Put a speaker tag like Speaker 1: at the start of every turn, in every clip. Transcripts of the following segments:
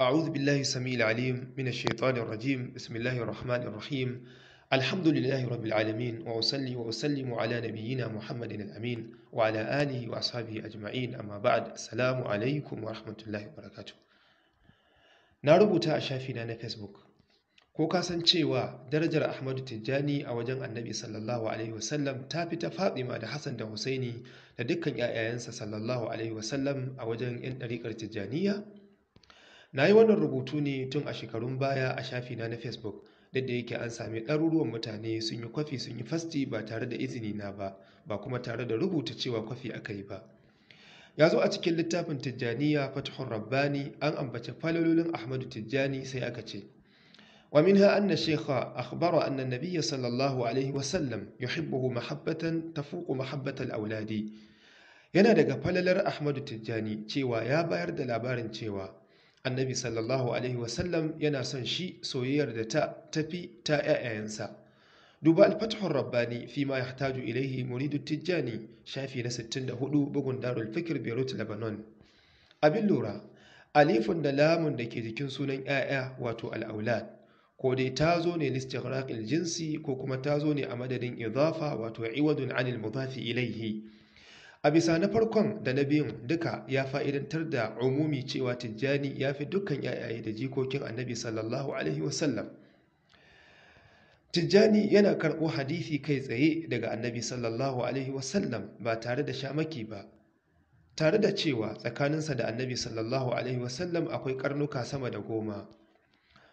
Speaker 1: أعوذ بالله السميع العليم من الشيطان الرجيم بسم الله الرحمن الرحيم الحمد لله رب العالمين وأصلي وأسلم على نبينا محمد الأمين وعلى آله وأصحابه أجمعين أما بعد السلام عليكم ورحمة الله وبركاته نربو تأشافنا في فيسبوك كوكا سنشيوا درجة أحمد التجاني أوجن النبي صلى الله عليه وسلم تابت فاطمة حسن دوسيني لدكا يا صلى الله عليه وسلم أوجن إن التجانية Na yi wannan rubutu ne tun a shekarun baya a shafi na Facebook, duk da yake an sami ɗaruruwan mutane sun yi kwafi sun yi fasti ba tare da izini na ba, ba kuma tare da rubuta cewa kwafi aka yi ba. Ya zo a cikin littafin Tijjaniya Fathur Rabbani an ambaci falalolin Ahmadu Tijjani sai aka ce, ومنها أن الشيخ أخبر أن النبي صلى الله عليه وسلم يحبه محبة تفوق محبة الأولاد yana daga falalar Ahmadu Tijjani cewa ya bayar da labarin cewa annabi sallallahu alaihi wasallam yana son shi soyayyar da ta tafi ta 'ya'yayansa duba alfathun rabbani fi ma yahtaju ilaihi muridu tijjani shafi na 64 bugun darul fikir beirut lebanon abin lura alifun da lamun da ke jikin sunan 'ya'ya wato al'aulad ko dai ta zo ne listighraqil jinsi ko kuma ta zo ne a madadin idafa wato iwadun anil mudafi ilaihi a bisa na farkon da na biyun duka ya fa'idantar da umumi cewa tijjani ya fi dukkan yayaye da jikokin annabi sallallahu alaihi wasallam tijjani yana karɓo hadithi kai tsaye daga annabi sallallahu alaihi wasallam ba tare da shamaki ba tare da cewa tsakaninsa da annabi sallallahu alaihi wasallam akwai karnuka sama da goma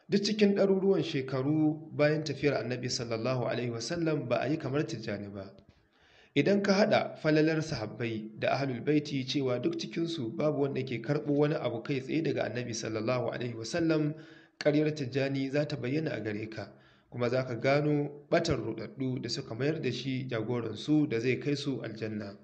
Speaker 1: duk cikin ɗaruruwan shekaru bayan tafiyar annabi sallallahu alaihi wasallam ba a yi kamar tijjani ba idan ka haɗa falalar sahabbai da ahlul baiti cewa duk cikinsu babu wanda ke karɓo wani abu kai tsaye daga annabi sallallahu alaihi wasallam ƙaryar tijjani za ta bayyana a gare ka kuma za ka gano ɓatar ruɗaɗɗu da suka mayar da shi jagoransu da zai kai su aljanna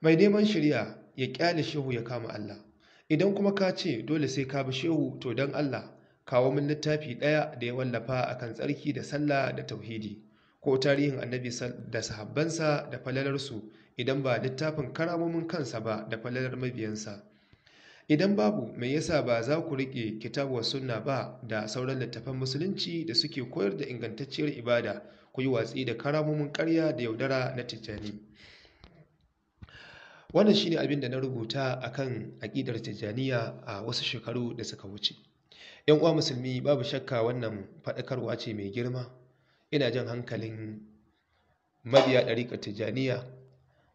Speaker 1: mai neman shirya ya ƙyale shehu ya kama allah idan kuma ka ce dole sai ka bi shehu to don allah kawo min littafi ɗaya da ya wallafa akan tsarki da sallah da tauhidi ko tarihin annabi da sahabbansa da falalarsu idan ba littafin karamomin kansa ba da falalar mabiyansa idan babu mai yasa ba za ku riƙe kitabuwar sunna ba da sauran littafan musulunci da suke koyar da ingantacciyar ibada ku yi watsi da karamomin ƙarya da yaudara na tijjani wannan shine abin da na rubuta a kan aƙidar tijjaniya a wasu shekaru da suka wuce yan uwa musulmi babu shakka wannan faɗakarwa ce mai girma ina jan hankalin mabiya ɗariƙa tijjaniya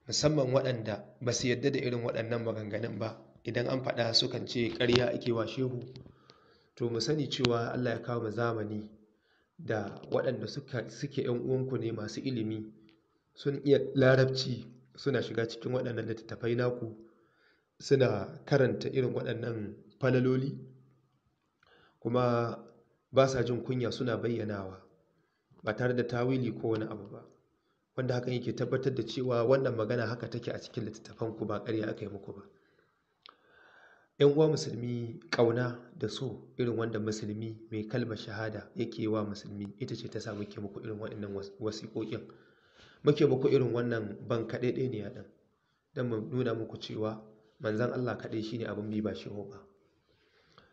Speaker 1: musamman waɗanda ba su yadda da irin waɗannan maganganun ba idan an faɗa sukan ce ƙarya ake wa shehu to mu sani cewa allah ya kawo zamani da waɗanda suke yan uwanku ne masu ilimi sun iya larabci suna shiga cikin waɗannan littattafai naku suna karanta irin waɗannan falaloli kuma ba sa jin kunya suna bayyanawa ba tare da tawili ko wani abu ba wanda hakan yake tabbatar da cewa wannan magana haka take a cikin littattafan ku ba ƙarya aka yi muku ba ‘yan uwa musulmi ƙauna da so irin wanda musulmi mai kalmar shahada yake wa musulmi ita ce ta sa muke muku irin waɗannan wasiƙoƙin muke muku irin wannan ban kaɗai ɗaya ne ya ɗan don mu nuna muku cewa manzan Allah kaɗai shine abin bi ba shi ba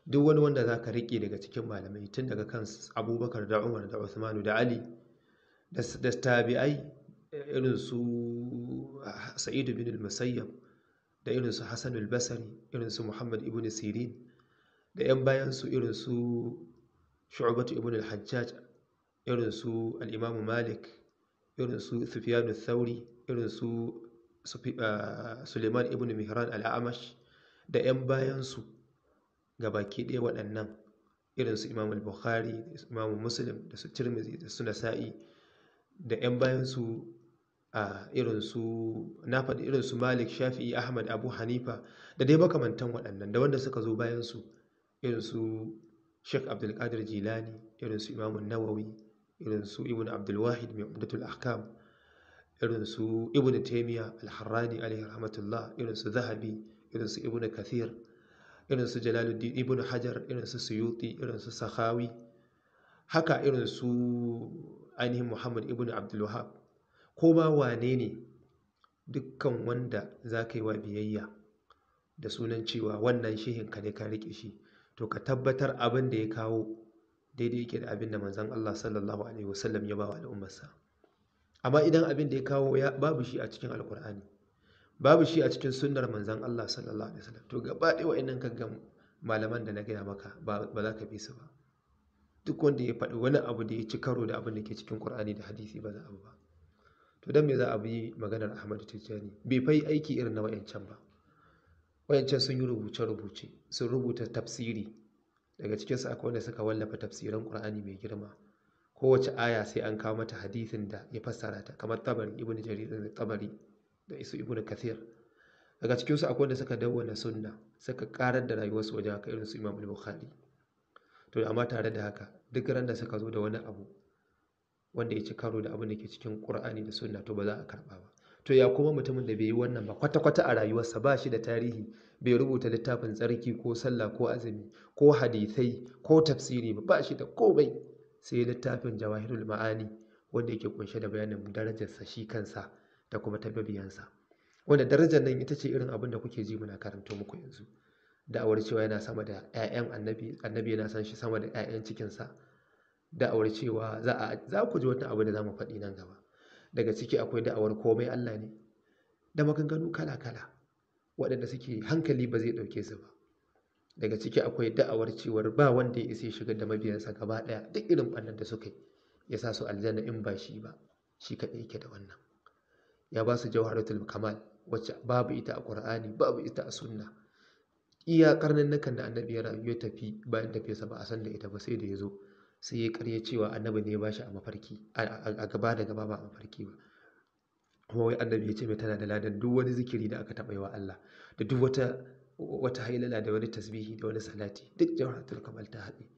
Speaker 1: duk wani wanda za ka riƙe daga cikin malamai tun daga kan abubakar da umar da usmanu da ali da tabi'ai irin su ah, sa'idu bin al-musayyab da irin su hassan al-basari irin su muhammad ibn sirin da 'yan bayan su irin su ibn al-hajjaj irin su al-imamu malik irin su sufyanu thauri irin su ah, suleiman ibn mihran al-amash da 'yan bayansu. gabaki ɗaya waɗannan irin su bukhari da Imam Muslim da su Tirmizi da su Nasa'i da ƴan bayan su a irin su na faɗi irin su Malik Shafi'i Ahmad Abu Hanifa da dai makamantan waɗannan da wanda suka zo bayan su irin su Sheikh Abdul Qadir Jilani irin su Nawawi irin su Ibn Abdul Wahid mai Umdatul Ahkam irin su Ibn Taymiyyah Al-Harrani alaihi rahmatullah irin su Zahabi irin su Ibn Kathir irin su jalaluddin ibn hajar irin su suyuti irin su sahawi haka irin su ainihin muhammad ibn abdulwahab ko ba wane ne dukkan wanda za ka yi wa biyayya da sunan cewa wannan shihin ka ne ka riƙe shi to ka tabbatar abin da ya kawo daidai yake da abin da manzan Allah sallallahu alaihi wasallam ya ba wa al'ummarsa amma idan abin da ya kawo babu shi a cikin alkur'ani babu shi a cikin sunnar manzan Allah sallallahu alaihi wasallam to gaba wa inan kan malaman da na gaya maka ba za ka fi su ba duk wanda ya faɗi wani abu da ya ci karo da abin da ke cikin ƙur'ani da hadisi ba za a ba to don me za a bi maganar Ahmadu Tijjani bai fai aiki irin na wayancan ba wayancan sun yi rubuce rubuce sun rubuta tafsiri daga cikin su akwai wanda suka wallafa tafsirin Kur'ani mai girma kowace aya sai an kawo mata hadisin da ya fassara ta kamar Tabari Ibn Jarir da Tabari da isu da kathir daga cikin su akwai wanda suka na sunna suka karar da rayuwarsu wajen haka irin su imam al-bukhari to amma tare da haka duk ran da suka zo da wani abu wanda ya ci karo da abin da ke cikin qur'ani da sunna to ba za a karba ba to ya kuma mutumin da bai yi wannan ba kwata-kwata a rayuwarsa ba shi da tarihi bai rubuta littafin tsarki ko sallah ko azumi ko hadithai ko tafsiri ba ba shi da komai sai littafin jawahirul ma'ani wanda yake kunshe da bayanin darajarsa shi kansa da kuma ta mabiyansa wanda darajar nan ita ce irin abin da kuke ji muna karanto muku yanzu da'awar cewa yana sama da 'ya'yan annabi annabi yana san shi sama da 'ya'yan cikinsa da'awar cewa za a za ku ji wata abu da za mu faɗi nan gaba daga ciki akwai da'awar komai Allah ne da maganganu kala-kala waɗanda suke hankali ba zai ɗauke su ba daga ciki akwai da'awar cewar ba wanda ya isa shiga da mabiyansa gaba ɗaya duk irin ɓannan da suka yi ya sa su aljanna in ba shi ba shi kaɗai yake da wannan ya ba su jawharatul kamal wacce babu ita a qur'ani babu ita a sunna iya karnannakan da annabi ya rayu ya tafi bayan tafiyarsa ba a san da ita ba sai da ya zo sai ya karya cewa annabi ne ya ba shi a mafarki a gaba da gaba ba a mafarki ba kuma wai annabi ya ce mai tana da ladan duk wani zikiri da aka taɓa yi wa Allah da duk wata wata hailala da wani tasbihi da wani salati duk jawharatul kamal ta haɗe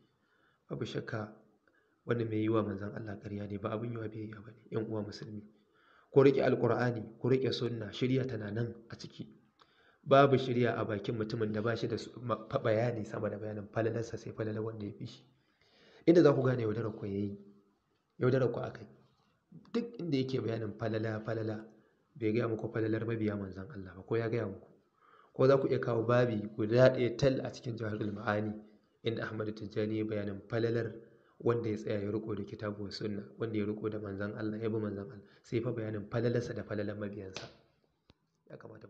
Speaker 1: babu shakka wani mai yi wa manzon Allah ƙarya ne ba abin yi wa biyayya ba ne 'yan uwa musulmi ku riƙe alƙur'ani ku riƙe sunna shirya tana nan a ciki babu shirya a bakin mutumin da ba shi da bayani sama da bayanin falalarsa sai falalar wanda ya fi shi inda za ku gane yaudarar ku yi yaudarar ku akai duk inda yake bayanin falala falala bai gaya muku falalar mabiya manzon Allah ba ko ya gaya muku ko za ku iya kawo babi guda ɗaya tal a cikin jihar ma'ani inda Ahmadu Tijjani bayanin falalar wanda ya tsaya ya riko da kitabu sunna wanda ya riko da manzon Allah ya bi manzon Allah sai fa bayanin falalarsa da falalar mabiyansa ya kamata